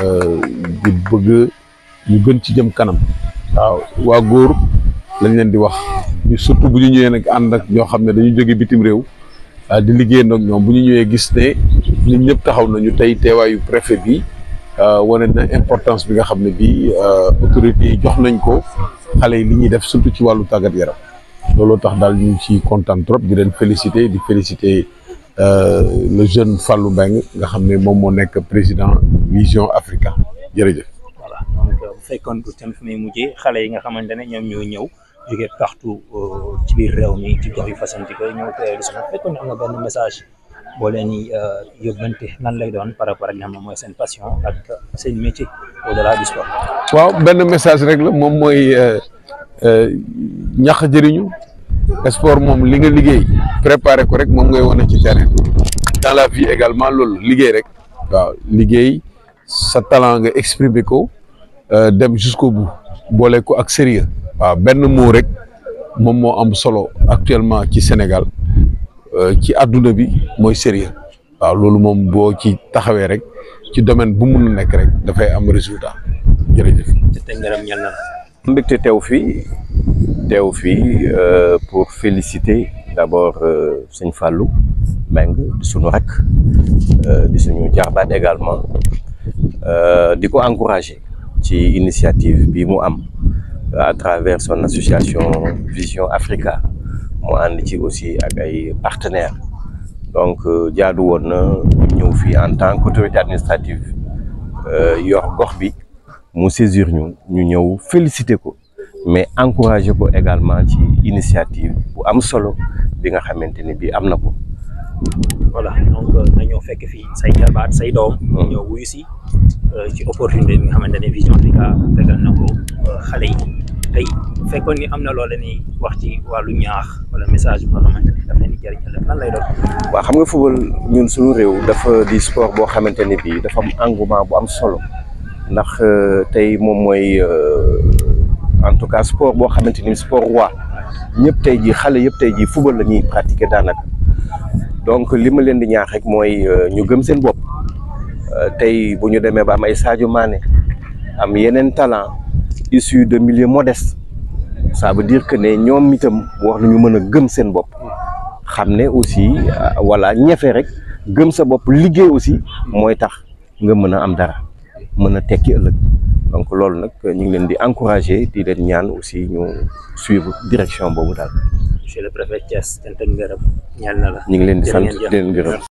Euh, di bëgg ñu gën ci jëm kanam waaw waa góor lañ leen di wax surtout bu ñu ñëwee nag ànd ak ñoo xam ne dañu jóge bitim réew ah, di liggéey nag ñoom bu ñu ñëwee gis ne nit ñëpp taxaw nañu tey teewaayu préfet bi ah, wane na importance bi nga xam ne bii ah, autorité yi jox nañ ko xale yi li ñuy def surtout ci wàllu tàggat yaram looloo tax daal ñu ci kontaan trop di leen féliciter di féliciter Euh, le jeune Fallou Mbengue nga xam ne moom moo nekk président Vision Africa jërëjëf. voilà donc euh, bu fekkoon tamit fi muy mujjee xale yi nga xamante ne ñoom ñoo ñëw jógee partout euh, ci biir réew mi ci gox yu fasanti ko ñëw teewlu si bu fekkoon ne na benn message boo leen di yóbbante lay doon par rapport a nga xam ne mooy seen passion ak seen métier au delà du sport. waaw benn message rek la moom mooy ñax jëriñu. sport moom li nga liggéey préparé ko rek moom ngay wane ci terrain dans la vie également loolu liggéey rek waaw liggéey sa talent nga exprimer ko euh, dem jusqu'au bout boole ko ak sérieux waaw benn mot rek moom moo am solo actuellement ci Sénégal euh, ci àdduna bi mooy sérieux waaw loolu moom boo ci taxawee rek ci domaine bu mun nekk rek dafay am résultat jërëjëf. te tey ngërëm ñal na. mbégte teew fii. teew fii euh, pour féliciter d'abord euh, sëñ Fallou Meng di suñu rak euh, di suñu jarbaat également di ko encourager ci initiative bi mu am à travers son association Vision Africa mu ànd ci aussi ak ay partenaires donc jaadu woon na ñëw fii en tant que autorité administrative yor gox bi mu saisir ñu ñu ñëw féliciter ko mais encouragé ko également ci initiative bu am solo bi nga xamante ni bii am na ko. voilà donc euh, nañoo fekk fii say jarbaat say doom. Hmm. ñoo wuyu si euh, ci opportune bi nga xamante ne Vision Africa fegal na euh, yi tey fekkoon ni am na loole leen wax ci wàllu ñaax wala message bu nga xamante ne daf leen di lay doon. waaw xam nga football ñun suñu réew dafa di sport boo xamante ne bii dafa am engouement bu am solo ndax tey moom mooy. en tout cas sport boo xamante ni sport roi ñëpp tey jii xale yëpp tey jii football la ñuy pratiquer daanaka donc li ma leen di ñaax rek mooy euh, ñu gëm seen bopp euh, tey bu ñu demee ba am ay Sadio maane am yeneen talent issu de milieu modeste ça veut dire que ne ñoom itam wax ñu mën a gëm seen bopp xam ne aussi wala euh, ñefe rek gëm sa bopp liggéey aussi mooy tax nga mën a am dara mën a tekki ëllëg. donc loolu nag ñu ngi leen di encourager di leen ñaan aussi ñu suivre direction boobu daal. monsieur le préfet Thiès cant ak ngërëm ñaan na la. ñu ngi leen di sant di leen gërëm.